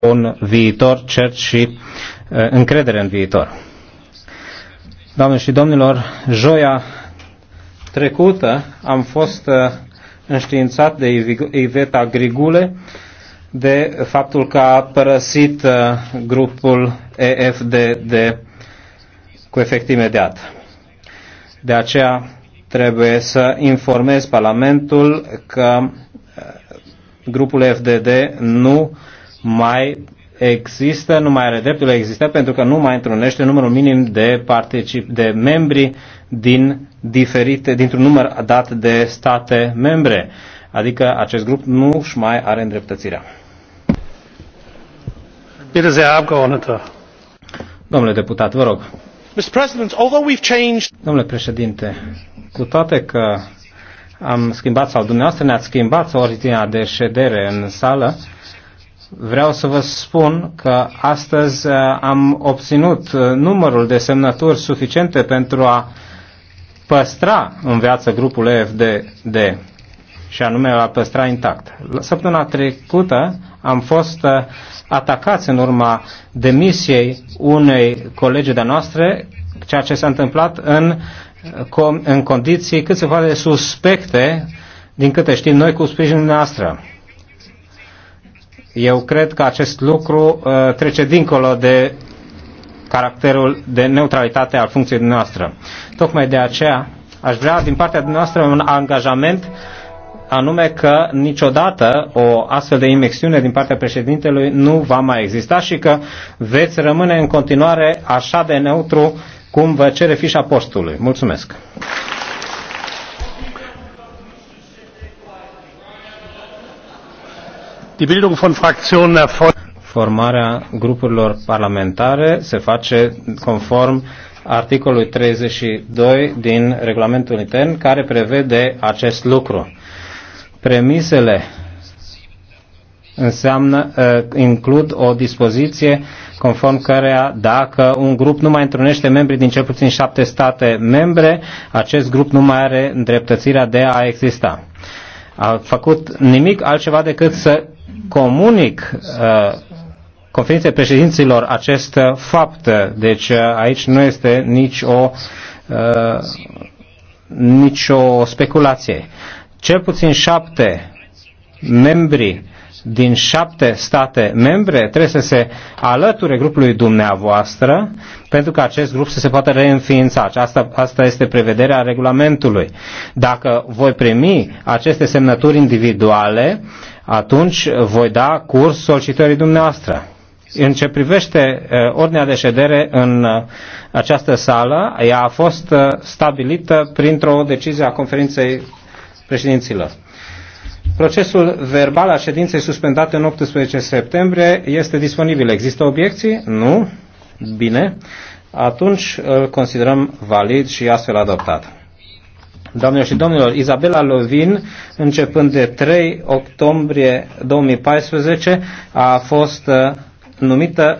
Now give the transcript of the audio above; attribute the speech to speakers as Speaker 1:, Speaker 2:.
Speaker 1: un viitor cert și eh, încredere în viitor. Doamne și domnilor, joia trecută am fost eh, înștiințat de Iveta Grigule de faptul că a părăsit eh, grupul EFD de cu efect imediat. De aceea trebuie să informez Parlamentul că grupul FDD nu uh, mai există, nu mai are dreptul există pentru că nu mai întrunește numărul minim de, particip, de membri din diferite, dintr-un număr dat de state membre. Adică acest grup nu își mai are îndreptățirea. Domnule deputat, vă rog. Domnule președinte, cu toate că am schimbat sau dumneavoastră ne-ați schimbat ordinea de ședere în sală, vreau să vă spun că astăzi uh, am obținut uh, numărul de semnături suficiente pentru a păstra în viață grupul EFDD și anume a păstra intact. săptămâna trecută am fost uh, atacați în urma demisiei unei colegi de noastre, ceea ce s-a întâmplat în, în condiții cât se poate suspecte, din câte știm noi, cu sprijinul noastră. Eu cred că acest lucru uh, trece dincolo de caracterul de neutralitate al funcției noastre. Tocmai de aceea aș vrea din partea noastră un angajament anume că niciodată o astfel de imexiune din partea președintelui nu va mai exista și că veți rămâne în continuare așa de neutru cum vă cere fișa postului. Mulțumesc! Formarea grupurilor parlamentare se face conform articolului 32 din regulamentul intern care prevede acest lucru. Premisele înseamnă, ă, includ o dispoziție conform căreia dacă un grup nu mai întrunește membrii din cel puțin șapte state membre, acest grup nu mai are îndreptățirea de a exista. A făcut nimic altceva decât să comunic uh, conferinței președinților acest uh, fapt. Deci uh, aici nu este nici o, nici o speculație. Cel puțin șapte membri din șapte state membre trebuie să se alăture grupului dumneavoastră pentru că acest grup să se poată reînființa. Deci, asta, asta este prevederea regulamentului. Dacă voi primi aceste semnături individuale, uh, atunci voi da curs solicitării dumneavoastră. În ce privește eh, ordinea de ședere în eh, această sală, ea a fost eh, stabilită printr-o decizie a conferinței președinților. Procesul verbal al ședinței suspendate în 18 septembrie este disponibil. Există obiecții? Nu? Bine. Atunci îl considerăm valid și astfel adoptat. Doamnelor și domnilor, Izabela Lovin, începând de 3 octombrie 2014, a fost uh, numită